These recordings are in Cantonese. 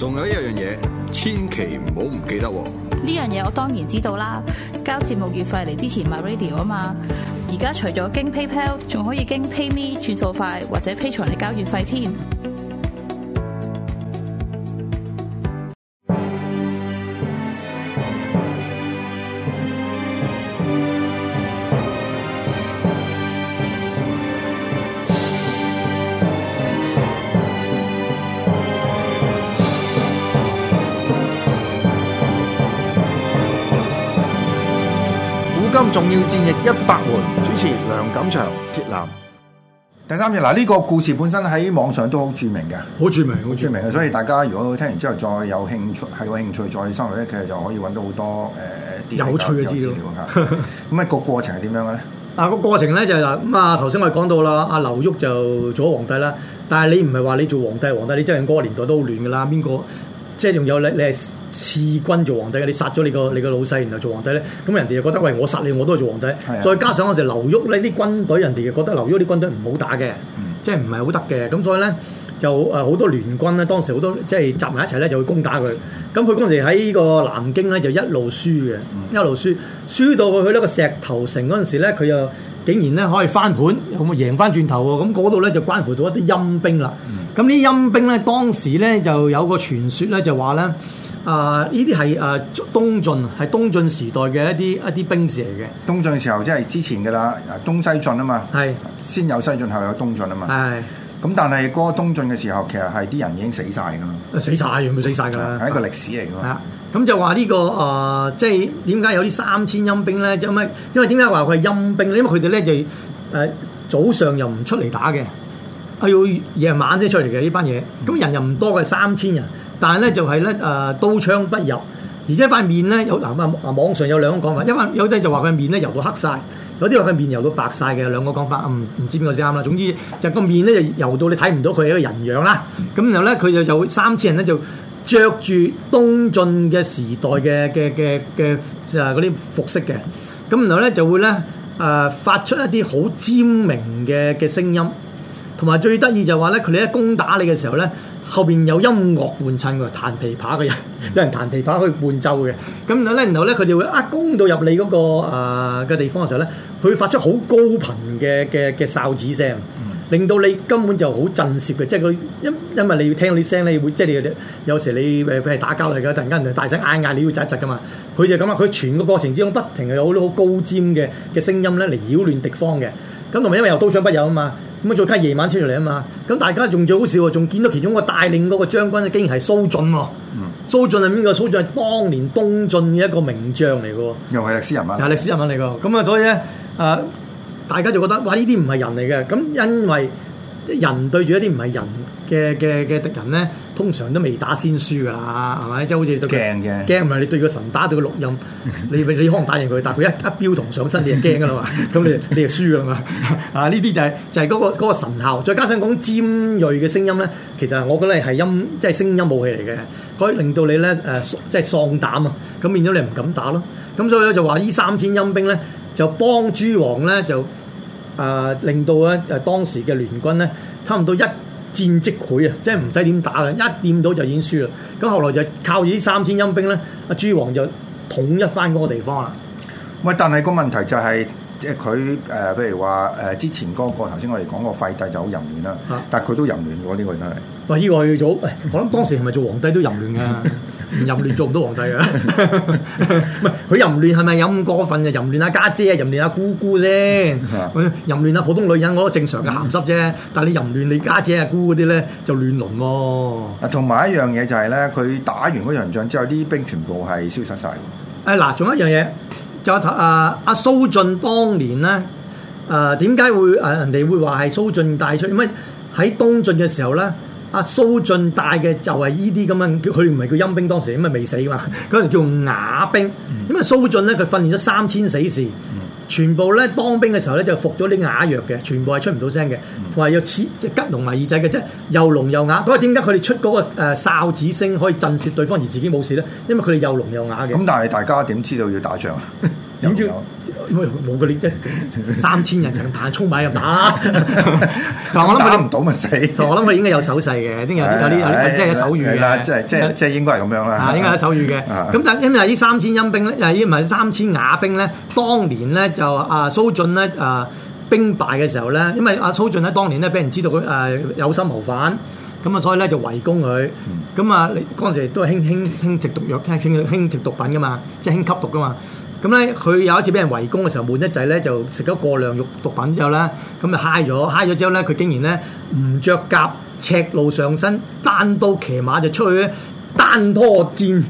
仲有一樣嘢，千祈唔好唔記得喎！呢樣嘢我當然知道啦，交節目月費嚟支持 MyRadio 啊嘛！而家除咗經 PayPal，仲可以經 PayMe 轉數快，或者 Patreon 嚟交月費添。重要戰役一百回，主持梁錦祥、鐵男。第三日嗱，呢、這個故事本身喺網上都好著名嘅，好著名，好著名嘅，名所以大家如果聽完之後再有興趣，係有興趣再深入咧，其實就可以揾到好多誒、呃、有趣嘅資料。咁啊， 個過程係點樣嘅咧？ 啊，個過程咧就係、是、嗱，咁啊，頭先我哋講到啦，阿劉彧就做咗皇帝啦。但係你唔係話你做皇帝皇帝，你真係嗰個年代都好亂噶啦，邊個？即係仲有你，你係弒君做皇帝嘅，你殺咗你個你個老細，然後做皇帝咧，咁人哋又覺得喂，我殺你我都係做皇帝。是的 再加上嗰時劉裕咧啲軍隊，人哋又覺得劉裕啲軍隊唔好打嘅，嗯、即係唔係好得嘅。咁所以咧就誒好、呃、多聯軍咧，當時好多即係集埋一齊咧，就會攻打佢。咁佢嗰陣時喺呢個南京咧就一路輸嘅，嗯、一路輸，輸到佢去呢個石頭城嗰陣時咧，佢又，竟然咧可以翻盤，咁啊贏翻轉頭喎！咁嗰度咧就關乎到一啲陰兵啦。咁呢、嗯、陰兵咧，當時咧就有個傳說咧，就話咧，啊呢啲係啊東晉，係東晉時代嘅一啲一啲兵士嚟嘅。東晉時候即係之前噶啦，啊東西晉啊嘛，係是先有西晉，後有東晉啊嘛。係是。咁但係嗰個東晉嘅時候，其實係啲人已經死晒噶啦。死晒，全部死晒噶啦。係一個歷史嚟噶嘛。啊咁、這個呃、就話呢個誒，即係點解有啲三千陰兵咧、就是？因為因為點解話佢係陰兵咧？因為佢哋咧就誒、是呃、早上又唔出嚟打嘅，係要夜晚先出嚟嘅呢班嘢。咁人又唔多嘅三千人，但係咧就係咧誒刀槍不入，而且塊面咧有，嗱、啊，網上有兩個講法，因為有啲就話佢面咧油到黑晒，有啲話佢面油到白晒嘅，兩個講法唔唔、嗯、知邊個先啱啦。總之就個面咧就油到你睇唔到佢係一個人樣啦。咁然後咧佢就有三千人咧就。就着住東晉嘅時代嘅嘅嘅嘅啊嗰啲服飾嘅，咁然後咧就會咧啊、呃、發出一啲好尖銳嘅嘅聲音，同埋最得意就係話咧佢哋一攻打你嘅時候咧，後邊有音樂伴襯嘅，彈琵琶嘅人，嗯、有人彈琵琶去伴奏嘅，咁然後咧，然後咧佢哋會啊攻到入你嗰、那個嘅、呃、地方嘅時候咧，佢會發出好高頻嘅嘅嘅哨子聲。嗯令到你根本就好震懾嘅，即係佢因因為你要聽到啲聲咧，你會即係你有時你誒佢係打交嚟噶，突然間人哋大聲嗌嗌，你要窒窒噶嘛。佢就咁啊，佢全個過程之中不停有好多好高尖嘅嘅聲音咧嚟擾亂敵方嘅。咁同埋因為又刀槍不入啊嘛，咁啊再加夜晚出嚟啊嘛，咁大家仲最好笑，仲見到其中個帶領嗰個將軍竟然係蘇峻喎、啊。嗯。蘇峻係邊個？蘇峻係當年東晉嘅一個名將嚟嘅。又係歷史人物。又係歷史人物嚟㗎。咁啊，所以咧啊。呃呃大家就覺得哇！呢啲唔係人嚟嘅，咁因為人對住一啲唔係人嘅嘅嘅敵人咧，通常都未打先輸㗎啦，係咪？即、就、係、是、好似驚嘅，驚咪怕怕你對個神打對個錄音，你你可能打贏佢，但佢一一標童上身你就驚㗎啦嘛，咁 你你就輸㗎啦嘛。啊！呢啲就係、是、就係、是、嗰、那個那個神效，再加上講尖鋭嘅聲音咧，其實我覺得係音即係、就是、聲音武器嚟嘅，可以令到你咧誒、呃、即係喪膽啊！咁變咗你唔敢打咯。咁所以咧就話呢三千陰兵咧。就幫豬王咧，就啊、呃、令到咧，當時嘅聯軍咧，差唔多一戰即潰啊，即係唔使點打啦，一掂到就已經輸啦。咁後來就靠住三千陰兵咧，阿豬王就統一翻嗰個地方啦。喂，但係個問題就係、是，即係佢誒，譬、呃、如話誒、呃，之前嗰、那個頭先我哋講個廢帝就好淫亂啦，但係佢都淫亂喎，呢、這個真係。喂、啊，呢個佢做，我諗當時係咪做皇帝都淫亂啊？ 淫亂做唔到皇帝嘅，係佢淫亂係咪有咁過分嘅？淫亂啊家姐啊，淫亂啊姑姑先，淫亂啊普通女人我都正常嘅鹹濕啫。但係你淫亂你家姐啊姑嗰啲咧就亂倫喎。啊，同埋一樣嘢就係咧，佢打完嗰場仗之後，啲兵全部係消失晒。誒嗱，仲有一樣嘢，就阿阿蘇峻當年咧，誒點解會誒、啊、人哋會話係蘇峻大出？因為喺東晉嘅時候咧。阿蘇峻帶嘅就係呢啲咁樣，佢唔係叫陰兵當時，咁咪未死嘛？嗰啲叫啞兵。咁、嗯、因為蘇峻咧，佢訓練咗三千死士，嗯、全部咧當兵嘅時候咧就服咗啲啞藥嘅，全部係出唔到聲嘅，同埋又似即係骨聾埋耳仔嘅啫，又聾又啞。咁啊，點解佢哋出嗰、嗰個、呃、哨子聲可以震懾對方而自己冇事咧？因為佢哋又聾又啞嘅。咁、嗯、但係大家點知道要打仗啊？點 知又？ 冇個你一三千人就咁彈，衝埋入打，但我諗佢打唔到咪死。我諗佢應該有手勢嘅，啲有啲有啲有即係手語嘅。係啦、哎呀，即係即係即係應該係咁樣啦。啊、哎呀，應該有手語嘅。咁、嗯、但係因為呢三千陰兵咧，因依唔係三千瓦兵咧，當年咧就阿蘇峻咧啊，兵敗嘅時候咧，因為阿蘇峻咧當年咧俾人知道佢誒、呃、有心謀反，咁啊，所以咧就圍攻佢。咁啊，嗰陣時都係興興興食毒藥，興興食毒品噶嘛，即係興吸毒噶嘛。咁咧，佢有一次俾人圍攻嘅時候，悶仔呢，換一陣咧就食咗過量肉毒品之後咧，咁就嗨咗嗨咗之後咧，佢竟然咧唔着甲，赤露上身，單刀騎馬就出去咧，單拖戰群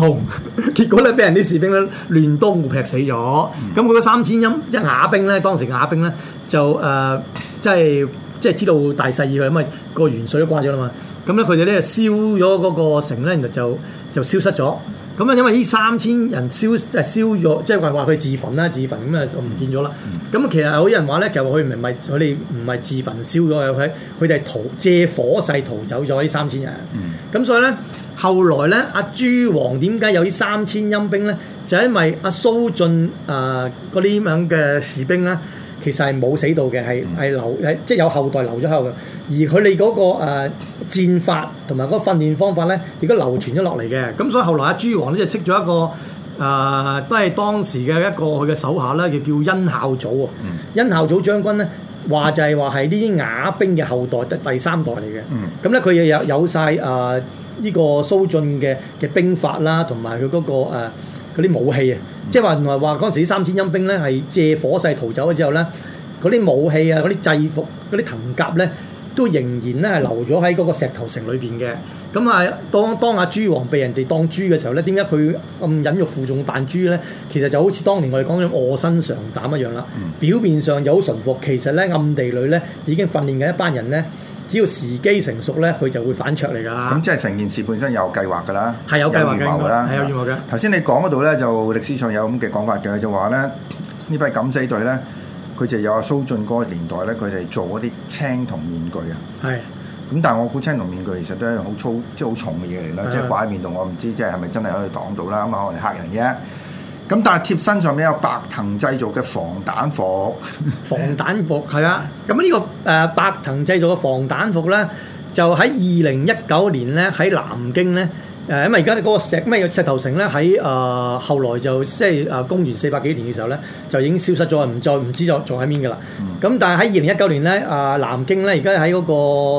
雄， 結果咧俾人啲士兵咧亂刀劈死咗。咁嗰、嗯、三千音即係雅兵咧，當時雅兵咧就誒即係即係知道大勢已去，咁啊個元帥都掛咗啦嘛。咁咧佢哋咧燒咗嗰個城咧，然後就就消失咗。咁啊，因為呢三千人燒即係燒咗，即係話話佢自焚啦，自焚咁啊，就唔見咗啦。咁其實好多人話咧，其實佢唔係佢哋唔係自焚燒咗佢，佢哋係逃借火勢逃走咗呢三千人。咁、嗯、所以咧，後來咧，阿、啊、豬王點解有呢三千陰兵咧？就是、因為阿、啊、蘇峻啊嗰啲咁嘅士兵咧。其實係冇死到嘅，係係留係即係有後代留咗喺度嘅。而佢哋嗰個誒、呃、戰法同埋嗰訓練方法咧，亦都流傳咗落嚟嘅，咁所以後來阿豬王咧，就識咗一個誒、呃，都係當時嘅一個佢嘅手下咧，就叫殷孝祖啊。嗯、殷孝祖將軍咧話，就係話係呢啲瓦兵嘅後代第第三代嚟嘅。咁咧，佢又有有曬誒呢個蘇峻嘅嘅兵法啦，同埋佢嗰個、呃嗰啲武器啊，嗯、即係話同埋話嗰時三千陰兵咧，係借火勢逃走咗之後咧，嗰啲武器啊，嗰啲制服、嗰啲藤甲咧，都仍然咧係留咗喺嗰個石頭城裏邊嘅。咁、嗯、啊，當當阿、啊、豬王被人哋當豬嘅時候咧，點解佢咁忍辱負重扮豬咧？其實就好似當年我哋講咗「臥薪嘗膽」一樣啦。嗯、表面上有臣服，其實咧暗地裏咧已經訓練緊一班人咧。只要時機成熟咧，佢就會反灼嚟噶啦。咁即係成件事本身有計劃噶啦，有預謀啦，係有預謀嘅。頭先你講嗰度咧，就歷史上有咁嘅講法嘅，就話咧呢批敢死隊咧，佢就有阿蘇進嗰個年代咧，佢哋做一啲青銅面具啊。係是。咁但係我估青銅面具其實都係一樣好粗，即係好重嘅嘢嚟啦，即係掛喺面度，我唔知即係係咪真係可以擋到啦，咁啊可能嚇人啫。咁但係貼身上面有白藤製造嘅防彈服， 防彈服係啦。咁呢、呢個誒、呃、白藤製造嘅防彈服咧，就喺二零一九年咧，喺南京咧，誒、呃、因為而家嗰個石咩石頭城咧喺，誒後來就即係誒公元四百幾年嘅時候咧，就已經消失咗，唔再唔知在、嗯在，呃、在在喺邊噶啦。咁但係喺二零一九年咧，啊南京咧，而家喺嗰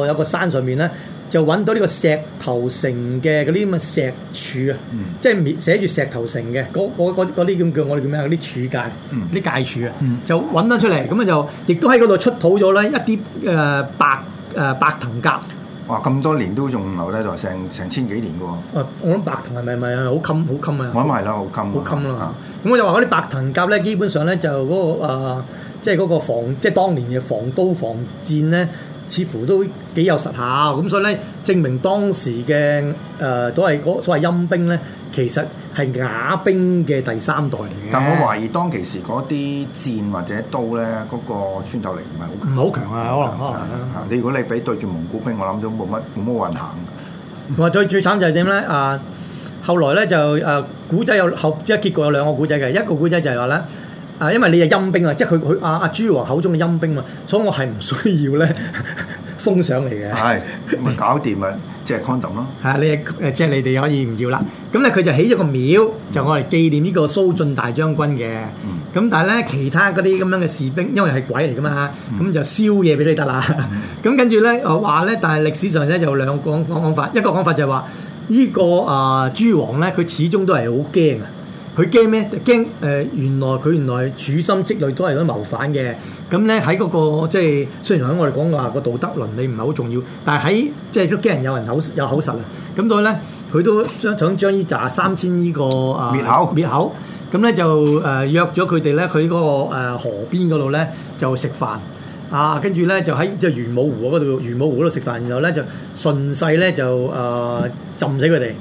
個有個山上面咧。就揾到呢個石頭城嘅嗰啲咁嘅石柱啊，嗯、即係寫住石頭城嘅嗰啲咁叫我哋叫咩啊？嗰啲柱界，啲界、嗯、柱啊、嗯，就揾得出嚟，咁啊就亦都喺嗰度出土咗咧一啲誒白誒白藤甲。哇！咁多年都仲留低咗成成千幾年嘅喎。我諗白藤係咪咪好襟好襟啊？我諗係啦，好襟。好襟啦！咁我就話嗰啲白藤甲咧，基本上咧就嗰、嗰個即係嗰個防，即、就、係、是、當年嘅防刀防箭咧。似乎都幾有實效，咁所以咧證明當時嘅誒、呃、都係所謂陰兵咧，其實係瓦兵嘅第三代嚟嘅。但我懷疑當其時嗰啲箭或者刀咧，嗰、嗰個穿透力唔係好唔係好強啊！你如果你俾對住蒙古兵，我諗都冇乜冇乜運行。同埋最最慘就係點咧？ 啊，後來咧就誒古仔有後即係結局有兩個古仔嘅，一個古仔就係話咧。啊，因為你係陰兵啊，即係佢佢阿阿豬王口中嘅陰兵嘛，所以我係唔需要咧封賞嚟嘅。係，咪搞掂咪即係 condom 咯。係，你誒即係你哋可以唔要啦。咁咧佢就起咗個廟，就我嚟紀念呢個蘇峻大將軍嘅。咁但係咧，其他嗰啲咁樣嘅士兵，因為係鬼嚟噶嘛，咁就燒嘢俾你得啦。咁跟住咧，話咧，但係歷史上咧有兩個講法，一個講法就係話呢個啊豬王咧，佢始終都係好驚啊。佢驚咩？驚誒、呃！原來佢原來處心積慮都係想謀反嘅。咁咧喺嗰個即係，雖然喺我哋講話個道德倫理唔係好重要，但係喺即係都驚人有人口有口實啊！咁所以咧，佢都想想將呢揸三千呢、這個啊滅口滅口。咁咧、嗯、就誒、呃、約咗佢哋咧，佢嗰個河邊嗰度咧就食飯啊，跟住咧就喺即係玄武湖嗰度，玄武湖嗰度食飯，然後咧就順勢咧就誒浸、呃、死佢哋。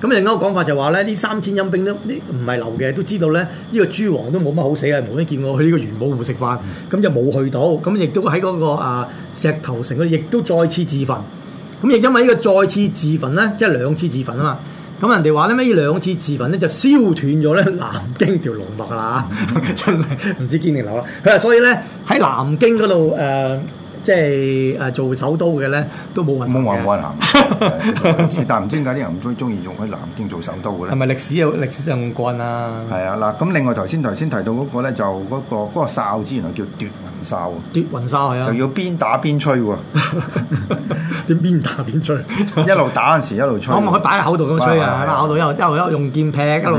咁另一個講法就話咧，呢三千陰兵都啲唔係流嘅，都知道咧呢個豬王都冇乜好死嘅，冇乜見過去呢個玄武湖食飯，咁就冇去到，咁亦都喺嗰個啊石頭城嗰度，亦都再次自焚。咁亦因為呢個再次自焚咧，即係兩次自焚啊嘛。咁人哋話咧咩？呢兩次自焚咧就燒斷咗咧南京條龍脈啦， 真係唔知堅定流啦。佢話所以咧喺南京嗰度誒。呃即係誒、啊、做首都嘅咧，都冇冇話冇人行，但唔知點解啲人唔中意中意用喺南京做首都嘅咧？係咪歷史有歷史上唔慣啊？係啊，嗱，咁另外頭先頭先提到嗰個咧，就嗰個嗰個哨子原來叫奪沙喎，奪云沙係啊，就要邊打邊吹喎。點邊打邊吹？一路打嗰時一路吹，我咪佢擺喺口度咁吹啊，喺口度一路一路用劍劈一路，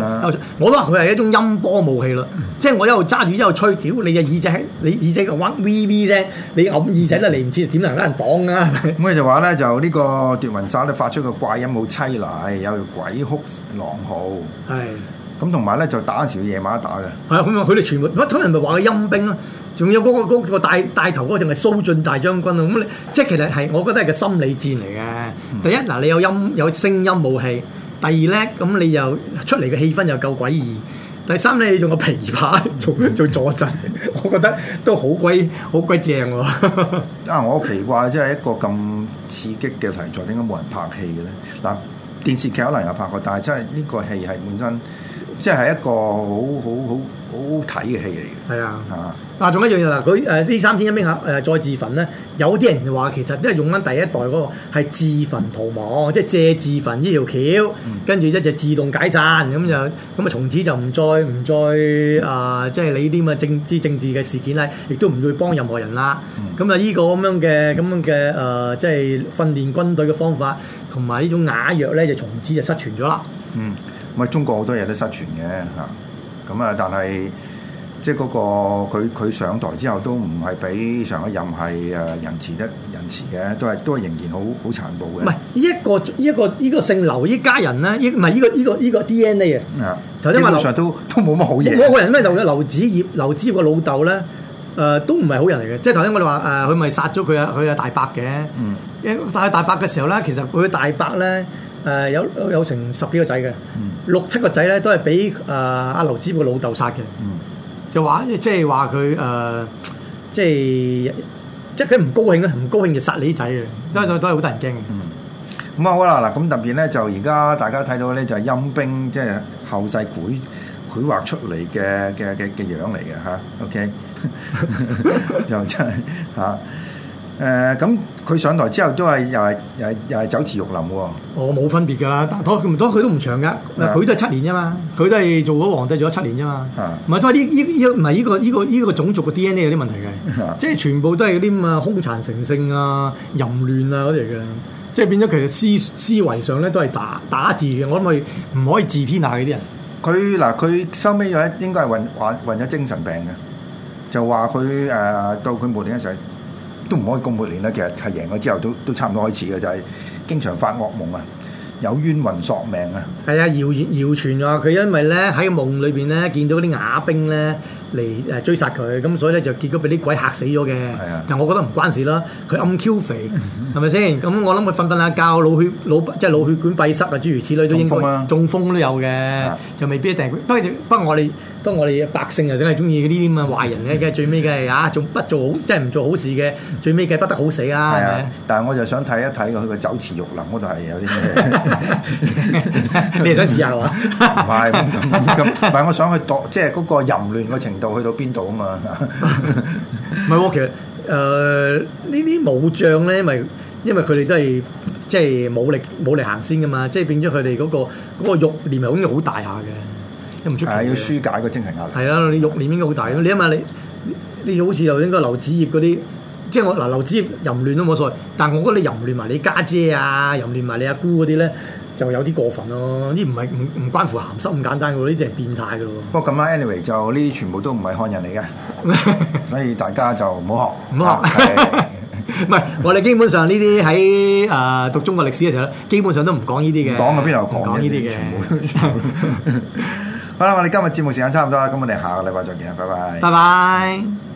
我都話佢係一種音波武器咯。即係我一路揸住一路吹，屌你嘅耳仔，你耳仔個 one V V 啫，你揞耳仔都嚟唔切，點能拉人擋啊？咁佢就話咧，就呢個奪云沙咧，發出個怪音，好凄厲，有鬼哭狼嚎。係。咁同埋咧，就打嗰時夜晚打嘅。係、嗯、啊，咁啊、那個，佢哋全部乜通常咪話佢陰兵咯，仲有嗰個嗰個帶帶頭嗰個仲係蘇峻大將軍啊！咁你即係其實係，我覺得係個心理戰嚟嘅。第一嗱，你有音有聲音武器；第二咧，咁你又出嚟嘅氣氛又夠詭異；第三咧，你仲個琵琶做做坐陣，嗯嗯、我覺得都好鬼好鬼正喎、啊。 啊！我好奇怪，即係一個咁刺激嘅題材，點解冇人拍戲嘅咧？嗱、啊，電視劇可能有拍過，但係真係呢、這個戲係本身。 即係一個好好好好睇嘅戲嚟嘅。係是啊，啊，仲有一樣嘢啦，佢誒呢三千一名客再自焚咧，有啲人就話其實都係用緊第一代嗰個係自焚逃亡，即係借自焚呢條橋，跟住一就自動解散咁就咁啊，從此就唔再唔再啊，即係你啲咁嘅政治政治嘅事件咧，亦都唔會幫任何人啦。咁啊、嗯，呢個咁樣嘅咁樣嘅誒，即、呃、係、就是、訓練軍隊嘅方法同埋呢種啞藥咧，就從此就失傳咗啦。嗯。咁啊，中國好多嘢都失傳嘅嚇。咁啊，但係即係、那、嗰個佢佢上台之後都唔係比上一任係誒仁慈得仁慈嘅，都係都係仍然好好殘暴嘅。唔係呢一個呢一、呢個呢、呢個姓劉呢家人咧，依唔係呢個呢個呢個 DNA 啊，頭先話基本上都流都冇乜好嘢。我個人認就劉劉子業劉子業個老豆咧，誒都唔係好人嚟嘅、啊呃。即係頭先我哋話誒，佢咪殺咗佢啊佢啊大伯嘅。嗯，因為大伯嘅時候咧，其實佢大伯咧。呢誒，有有成十幾個仔嘅，嗯、六七個仔咧都係俾、誒阿劉子業個老豆殺嘅，就話即係話佢、誒，即係即係佢唔高興啦，唔高興就殺你仔嘅，都都都係、嗯嗯、好得人驚嘅。咁好啦，嗱咁特別咧就而家大家睇到咧就係、是、陰兵，即、就、係、是、後世繪繪畫出嚟嘅嘅嘅嘅樣嚟嘅吓。O K，又真係吓。啊誒咁，佢、uh，上台之後都係又係又係又係走酒池肉林喎。哦，冇分別㗎啦，嗯、但係佢唔多佢都唔長㗎。嗱，佢都係七年啫嘛，佢都係做咗皇帝做咗七年啫嘛。唔係、啊、都係呢呢呢，唔係呢個呢、呢個呢、呢個種族嘅 DNA 有啲問題嘅。啊、即係全部都係啲咁啊，兇殘成性啊，淫亂啊嗰啲嚟嘅。即係變咗其實思思維上咧都係打打字嘅，我諗係唔可以治天下嘅啲人。佢嗱佢收尾又係應該係患患患咗精神病嘅，就話佢誒到佢末年嗰陣。都唔可以咁多年啦，其實係贏咗之後都都差唔多開始嘅，就係、是、經常發惡夢啊，有冤魂索命啊，係啊，謠言謠傳啊，佢因為咧喺夢裏邊咧見到啲亞兵咧，嚟誒追殺佢，咁所以咧就結果俾啲鬼嚇死咗嘅。但係我覺得唔關事啦，佢暗 Q 肥係咪先？咁我諗佢瞓瞓下覺，腦血腦即係腦血管閉塞啊，諸如此類都應該中風啦。中風都有嘅，就未必一定。不過不過我哋不過我哋百姓又真係中意嗰啲咁嘅壞人嘅，最尾嘅啊，仲不做好，即係唔做好事嘅，最尾嘅不得好死啦。係啊，但係我就想睇一睇佢個酒池肉林嗰度係有啲咩？你係想試下嘛？唔係唔係，我想去度即係嗰個淫亂個情。到去到邊度 啊嘛？唔係喎，其實誒呢啲武將咧，因為因為佢哋都係即係武力武力行先噶嘛，即係變咗佢哋嗰個肉、嗰個慾念應該好大下嘅，都唔出奇。係要舒解個精神壓力。係 啊，你肉念應該好大嘅。 你諗下，你你好似又應該劉子業嗰啲。即係我嗱，劉子淫亂都冇所謂，但係我覺得你淫亂埋你家姐，姐啊，淫亂埋你阿姑嗰啲咧，就有啲過分咯、啊。呢唔係唔唔關乎鹹濕咁簡單嘅，呢啲係變態嘅喎。不過咁啦，anyway 就呢啲全部都唔係漢人嚟嘅， 所以大家就唔好學。唔好學，唔係、啊、 我哋基本上呢啲喺誒讀中國歷史嘅時候，基本上都唔講呢啲嘅。講嘅邊度講呢啲嘅？全部。好啦，我哋今日節目時間差唔多啦，咁我哋下個禮拜再見啦，拜拜。拜拜。